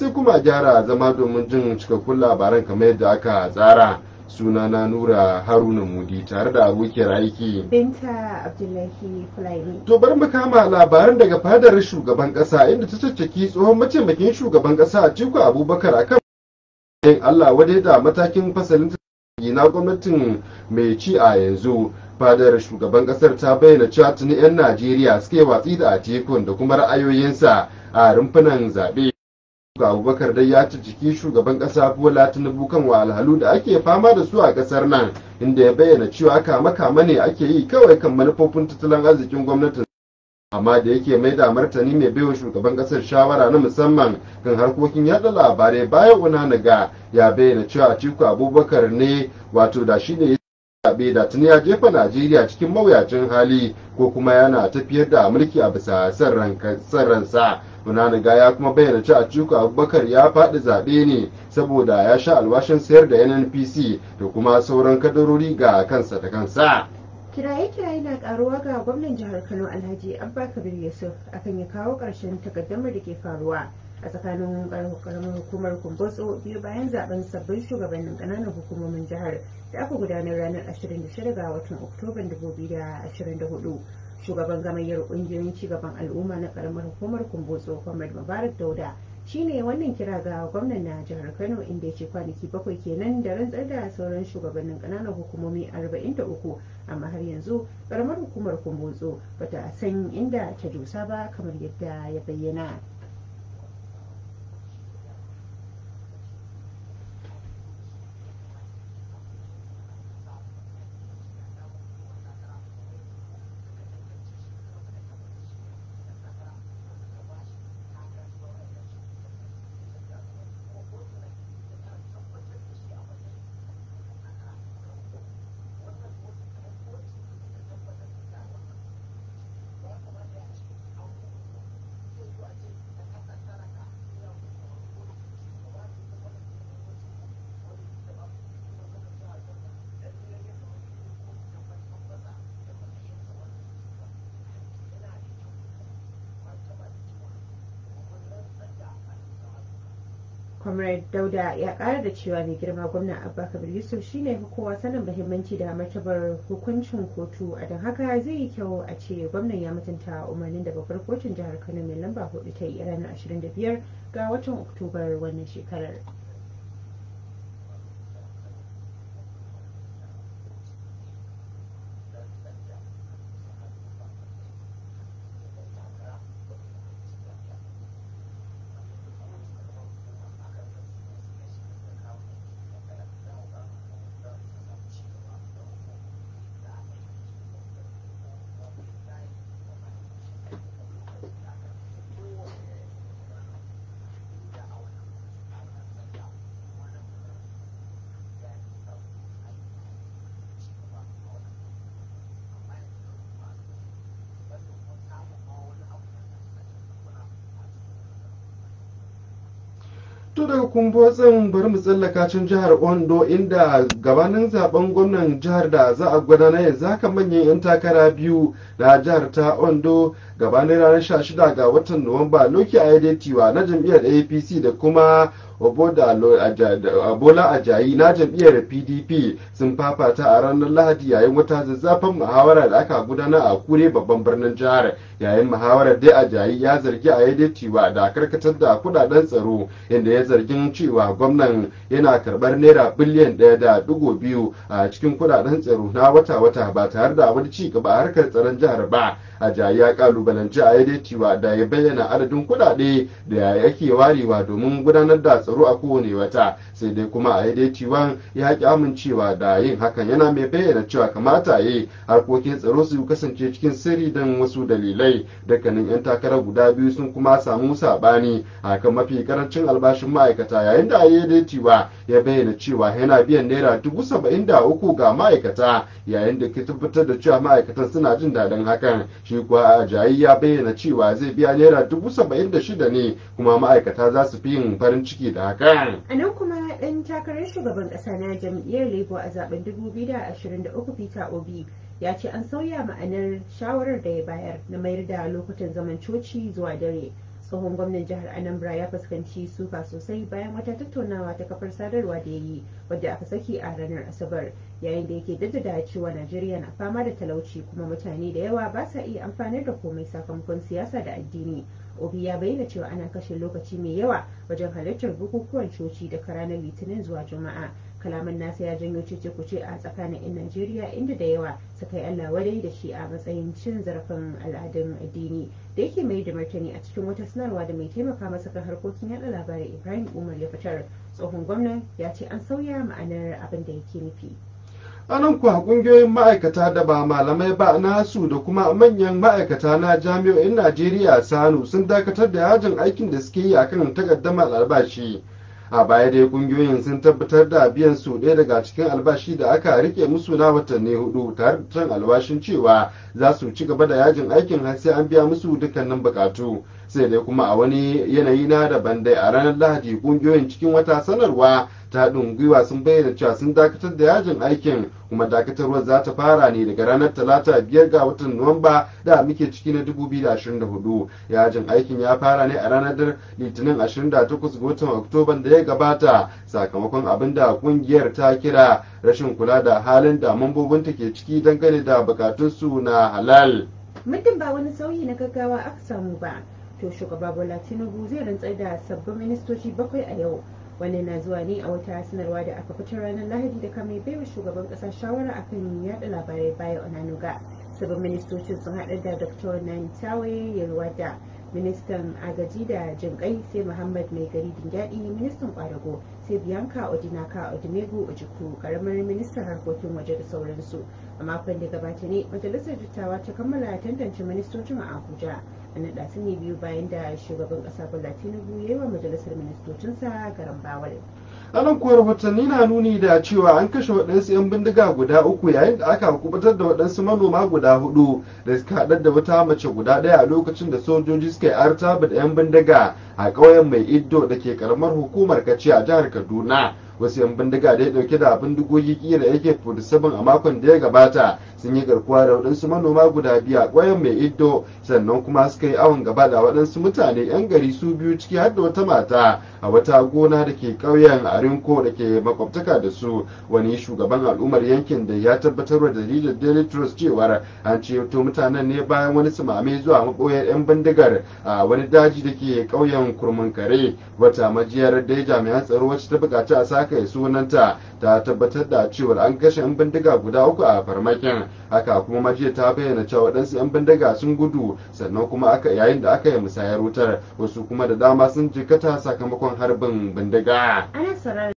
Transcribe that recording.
sai kuma gyara zama domin jin cikakkun labaran kamar yadda aka tsara suna na nura haruna mudi tare da abokiyar aiki binta abdullahi fulani to bari mu kama labaran daga fadar shugaban kasa inda ta caccaki tsohon mataimakin shugaban kasa tiku abubakar akan yin allah wadai da matakin fasalin na gwamnatin mai ci a yanzu fadar shugaban kasar ta bayyana cewa tuni 'yan najeriya suke watsi da a tekun da kuma ra'ayoyinsa a rumfunan zaɓe ga abubakar dai ya ci jiki shugaban kasa bola tinubu kan wahalhalu da ake fama da su a kasar nan inda ya bayyana cewa kama kama ne ake yi kawai kan manufofin tattalin arzikin gwamnatin amma da yake mai da martani mai baiwa shugaban kasar shawara na musamman kan harkokin yada labarai bayan unanaga ya bayyana cewa ciku abubakar ne wato da shi ne zaɓe da tuni ya jefa Najeriya cikin mawuyacin hali ko kuma yana tafiyar da mulki a bisa san ransa. Munaniga ya kuma bayyana cewa Atiku Abubakar ya faɗi zaɓe ne saboda ya sha alwashin sayar da NNPC da kuma sauran kadarori ga kansa da kansa. kiraye-kiraye na karuwa ga gwamnan jihar Kano Alhaji Abba Kabir Yusuf akan ya kawo ƙarshen takaddamar da ke faruwa a tsakanin karamar hukumar kumbotso biyu bayan zaben sabbin shugabannin kananan hukumomin jihar da aka gudanar ranar 26 ga watan oktoban 2024 shugaban gamayyar kungiyoyin cigaban al'umma na karamar hukumar kumbotso comrade mubarak dauda shine wannan kira ga gwamnan na jihar kano inda ya ce kwanaki bakwai kenan da rantsar da sauran shugabannin kananan hukumomi 43 amma har yanzu karamar hukumar kumbotso bata san inda ta dosa ba kamar yadda ya bayyana comrade dauda ya kara da cewa mai girma gwamna abba kabir yusuf shine ne kowa sanin mahimmanci da matabar hukuncin kotu a don haka zai yi kyau a ce gwamnan ya mutunta umarnin da babbar kotun jihar kano mai lamba hudu ta yi ranar 25 ga watan oktobar wannan shekarar To daga kumbotsin bari mu tsallaka can jihar Ondo inda gabanin zaben gwamnan jihar da za a gudanar yanzu haka manyan 'yan takara biyu na jihar ta Ondo gabanin ranar 16 ga watan Nuwamba Loki Aidetiwa na jam'iyyar APC da kuma Bola Ajayi na jam'iyyar PDP sun fafata a ranar Lahadi yayin wata zazzafan muhawara da aka gudana a Kure babban birnin jihar. Yayin muhawarar dai Ajayi ya zargi a cewa da karkatar da kudaden tsaro inda ya zargin cewa gwamnan yana karbar naira biliyan ɗaya da dugo biyu a cikin kudaden tsaro na wata-wata ba tare da wani ci gaba harkar tsaron jihar ba. Ajayi ya kalubalanci a cewa da ya bayyana adadin kudade da yake warewa domin gudanar da tsaro a kowane wata sai dai kuma a dai tiwon ya haƙi amincewa da yin hakan yana mai bayyana cewa kamata ya yi harkokin tsaro su kasance cikin sirri don wasu dalilai dukkanin 'yan takara guda biyu sun kuma samu sabani a kan mafi karancin albashin ma'aikata yayin da ya e dai tiwa ya bayyana cewa yana biyan naira dubu saba'in da uku ga ma'aikata yayin da ke tabbatar da cewa ma'aikatan suna jin daɗin hakan shi kuwa ajayi ya bayyana cewa zai biya naira dubu saba'in da shida ne kuma ma'aikata za su fi yin farin ciki da nan kuma ɗan takarar shugaban ƙasa na jam'iyyar Labour a zaben 2023 Peter Obi ya ce an sauya ma'anar shawarar da ya bayar na mayar da lokutan zaman coci zuwa dare. Tsohon gwamnan jihar Anambra ya fuskanci suka sosai bayan wata tattaunawa ta kafar sadarwa da ya yi wadda aka saki a ranar Asabar yayin da yake jaddada cewa Najeriya na fama da talauci kuma mutane da yawa ba sa iya amfanar da komai sakamakon siyasa da addini. obi ya bayyana cewa ana kashe lokaci mai yawa wajen halartar bukukuwan coci daga ranar litinin zuwa juma'a kalaman nasa ya janyo cece-kuce a tsakanin 'yan najeriya inda da yawa suka yi allah wadai da shi a matsayin cin zarafin al'adun addini da yake mai da martani a cikin wata sanarwa da mai taimaka masa kan harkokin yada labarai ibrahim umar ya fitar tsohon gwamnan ya ce an sauya ma'anar abin da yake nufi nan kuwa kungiyoyin ma'aikata da ba malamai ba nasu da kuma manyan ma'aikata na jami'o'in najeriya sanu sun dakatar da yajin aikin da suke yi a akan takaddamar albashi a baya dai kungiyoyin sun tabbatar da biyan su ɗaya daga cikin albashi da aka rike musu na watanni hudu tare da can alwashin cewa za su ci gaba da yajin aikin har sai an biya musu dukkanin bukatu sai dai kuma a wani yanayi na daban dai a ranar lahadi kungiyoyin cikin wata sanarwa ta ɗin gwiwa sun bayyana cewa sun dakatar da yajin aikin kuma dakatarwar za ta fara ne daga ranar talata biyar ga watan nuwamba da muke ciki na 2024 yajin aikin ya fara ne a ranar litinin 28 ga watan oktoban da ya gabata sakamakon abin da kungiyar ta kira rashin kula da halin da mambobinta ke ciki dangane da bukatunsu na halal. muddin ba wani sauyi na gaggawa aka samu ba to shugaba bola tinubu zai rantsar da sabbin ministoci bakwai a yau wannan na zuwa ne a wata sanarwa da aka fitar ranar lahadi da kame baiwa shugaban kasa shawara a kan yaɗa labarai baya onanuga sabon ministocin sun hada da dr nantawe da ministan agaji da jinkai sai muhammad mai gari dingyaɗi ministan kwadago sai bianca odinaka odimego ojiku karamar ministan harkokin waje da sauransu a makon da gabata ne majalisar dattawa ta kammala tantance ministocin a abuja an naɗa su biyu bayan da shugaban kasa bola tinubu ya yi wa majalisar ministocinsa garan bawal anan kuwa rahotanni na nuni da cewa an kashe waɗansu 'yan bindiga guda uku yayin da aka kubutar da waɗansu manoma guda hudu da suka haɗar da wata mace guda ɗaya a lokacin da sojoji suka yi artaba da 'yan bindiga a ƙauyen mai iddo da ke ƙaramar hukumar kaci a jihar kaduna wasu yan bindiga da ya dauke da bindigogi kira yake 47 a makon da ya gabata sun yi garkuwa da waɗansu manoma guda biyu a ƙwayan mai iddo sannan kuma suka yi awon gaba da waɗansu mutane 'yan gari su biyu ciki har da wata mata a wata gona da ke ƙauyen arinko da ke makwabtaka da su wani shugaban al'ummar yankin da ya tabbatar da jaridar daily trust cewar an ceto mutanen ne bayan wani sumame zuwa maɓoyar 'yan bindigar a wani daji da ke ƙauyen kurmin kare wata majiyar da ya jami'an tsaro wacce ta buƙaci a saka aka yi sunanta ta tabbatar da cewar an kashe 'yan bindiga guda uku a farmakin haka kuma majiya ta bayyana cewa waɗansu 'yan bindiga sun gudu sannan kuma aka yayin da aka yi musayar wutar wasu kuma da dama sun jikata sakamakon harbin bindiga.